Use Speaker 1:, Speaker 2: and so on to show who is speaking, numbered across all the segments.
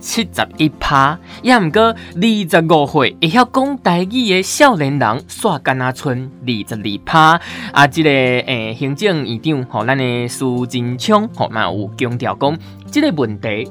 Speaker 1: 七十一趴，也唔過二十五歲會曉講台語嘅少年人，煞干阿剩二十二趴。啊，即個誒行政院長和咱嘅蘇貞昌，好嘛有強調講，即個問題。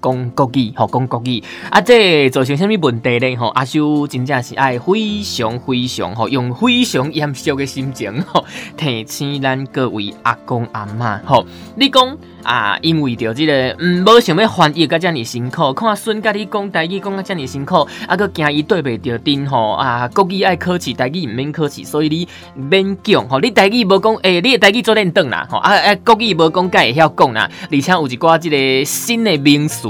Speaker 1: 講國語吼，講國語啊，這造成什麼問題呢？吼、啊，阿秀真正是愛非常非常吼，用非常嚴肅的心情吼，提醒咱各位阿公阿媽吼。你講啊，因為着這個，嗯，冇想要翻譯，咁樣你辛苦，看孫家你講，台語講咁樣你辛苦，啊，佫驚伊對袂着陣吼。啊，國語愛考試，台語毋免考試，所以你免講吼，你台語無講，誒、欸，你台語做點轉啦。吼，啊啊，國語無講，佮會曉講啦，而且有一寡這個新的名詞。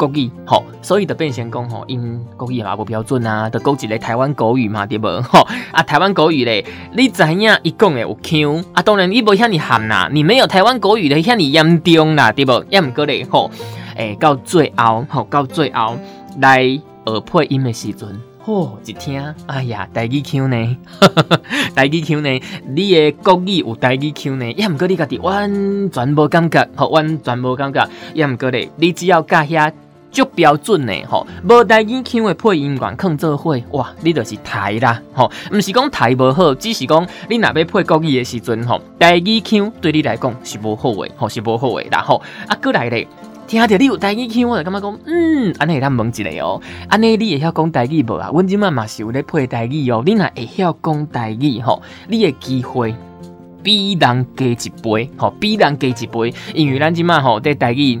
Speaker 1: 國語，吼、哦，所以就變成講吼，因、哦、國語也唔標準啊，就講一個台灣國語嘛，對不對？吼、哦，啊台灣國語咧，你知影伊講咧有腔、啊，啊當然你無遐爾喊啦，你沒有台灣國語的遐爾嚴重啦，對不對？也唔過咧，吼、哦，誒、欸，到最後，吼、哦，到最後來學配音的時陣，吼、哦，一聽，哎呀，台語腔呢，台語腔呢，你的國語有台語腔呢？也唔過你家己完全、哦，完全無感覺，吼，完全無感覺，也唔過咧，你只要教遐。足標準呢吼，無台語腔的配音員扛做伙哇，你就是台啦吼，唔是講台無好，只是講你若要配國語的時陣吼，台語腔對你來講是無好嘅吼，是無好嘅，然後啊，閣來咧，聽着你有台語腔，我就感覺講，嗯，安尼有問一滯哦、喔，安尼你會曉講台語無啊？我今麥嘛是有咧配台語哦，你若會曉講台語吼，你嘅機會比人加一倍，吼，比人加一倍，因為咱今麥吼在台語。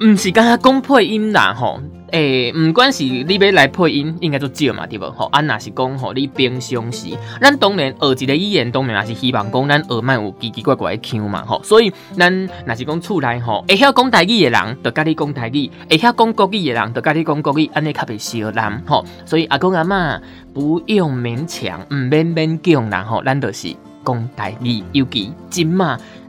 Speaker 1: 唔是講講配音啦吼，誒、欸，唔管是，你要來配音應該都少嘛，對不？吼、啊，安那是講吼，你平常時，咱當然學一個語言，當然也是希望講咱耳麥有奇奇怪怪的腔嘛吼，所以咱若是講出來吼，會曉講台語的人，就跟你講台語；會曉講國語的人，就跟你講國語，安尼較袂少難吼。所以阿公阿媽不，不用勉強，唔免勉強人吼，咱就是講台語，尤其今嘛。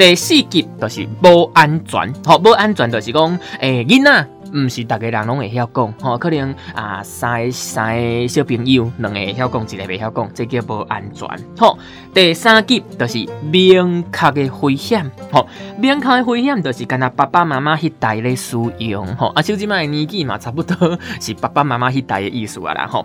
Speaker 1: 第四級就是無安全，吼、哦，不安全就是講，誒、欸，囡仔唔是大家人攏會曉講、哦、可能三個、啊、小朋友，兩個曉講，一個未曉講，這叫無安全，哦、第三級就是明確的危險，明確嘅危險就是爸爸媽媽，在在、哦啊、是爸爸媽媽迄代嘅使用，吼，啊，手年紀差不多，是爸爸媽媽迄代嘅意思了啦，哦。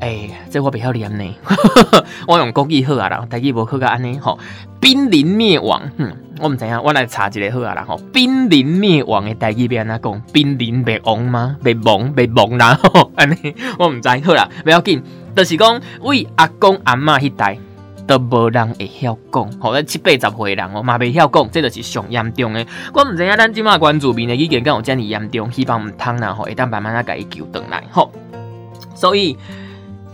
Speaker 1: 哎、欸，這我不曉念呢。 我用國語好啊啦，台語無考到安尼吼，瀕臨滅亡。哼、嗯，我唔知啊，我來查一下好啊啦吼。瀕臨滅亡的台語欲安怎講？瀕臨滅亡嗎？滅亡，滅亡然後安尼。我唔知道好啦，不要緊，就是講為阿公阿媽迄代都無人會曉講，吼、喔。好七八十歲人哦嘛，未曉講，這就是上嚴重的。我唔知啊，咱即嘛關注面呢，意見夠有這樣嚴重，希望毋通，然後會當慢慢仔甲伊救回來吼、喔。所以。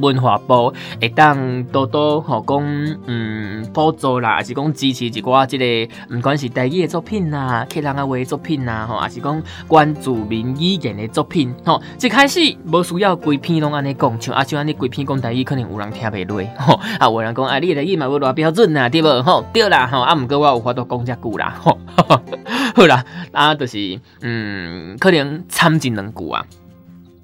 Speaker 1: 文化部會當多多吼講，嗯，補助啦，也是講支持一寡即、這個，毋管是台語嘅作品啦，客人話嘅作品啦吼，也是講關注閩語嘅作品，吼。一開始無需要規篇攏安尼講，像啊像安尼規篇講台語，可能有人聽袂落吼。啊，有人講，啊，你嘅台語嘛要偌標準呐、啊，對無？吼，對啦，吼，啊，毋過我有法度講遮久啦，吼呵呵好啦，啊，就是，嗯，可能摻一兩句啊。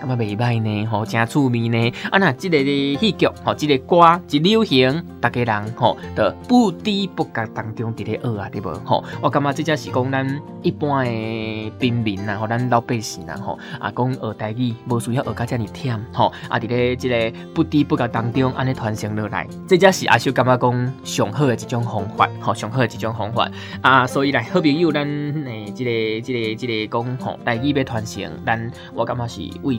Speaker 1: 感覺袂歹呢，吼、哦，真趣味呢。啊，那這個戲劇，吼、哦，這個歌，一流行，大家人吼，在、哦、不知不覺當中在學、哦、啊，對不？吼，我感覺這才是講咱一般嘅平民啦，吼，咱老百姓啦，吼，啊，講學台語，無需要學教遮爾忝，吼、哦，啊，佇咧這個不知不覺當中，安尼傳承落來，這才是阿秀感覺講上好嘅一種方法，吼、哦，上好嘅一種方法。啊，所以咧，好朋友，咱誒，這個、這個、這個講吼，台語要傳承，咱我感覺是為。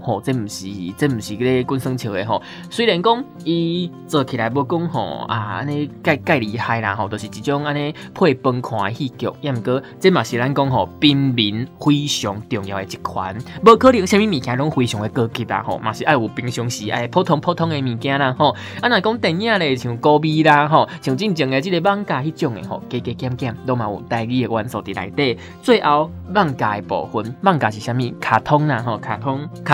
Speaker 1: 吼、哦，這唔是，是這唔是嗰個官生笑嘅吼。雖然講伊做起來冇講吼啊，安尼介介厲害啦吼，都、哦就是一種安尼配崩看嘅戲劇。又唔過，這嘛是咱講吼，平民非常重要嘅一款，冇可能蝦米物件攏非常嘅高級啦。吼、哦，嘛是，是愛有平常時嘅普通普通嘅物件啦吼。啊，若講電影咧，像歌迷啦吼、哦，像正正嘅這個放假迄種嘅吼，加加減減都嘛有台語嘅元素佇內底。最後放假嘅部分，放假是蝦米？卡通啦、啊、吼，卡通。卡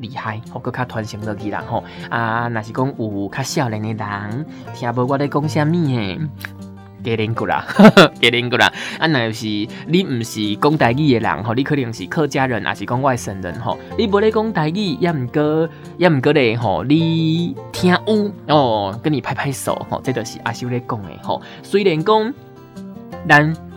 Speaker 1: 厲害，我、哦、擱較傳承落去啦吼、哦！啊，若是講有較少年嘅人，聽無我咧講蝦米誒，過人過啦，過人過啦！啊，若是你毋是講台語嘅人吼、哦，你可能是客家人，也是講外省人吼、哦，你無咧講台語，也毋過也毋過咧吼，你聽有哦，跟你拍拍手吼、哦，這著是阿修咧講嘅吼。雖然講，人。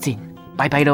Speaker 1: 先，拜拜嘍。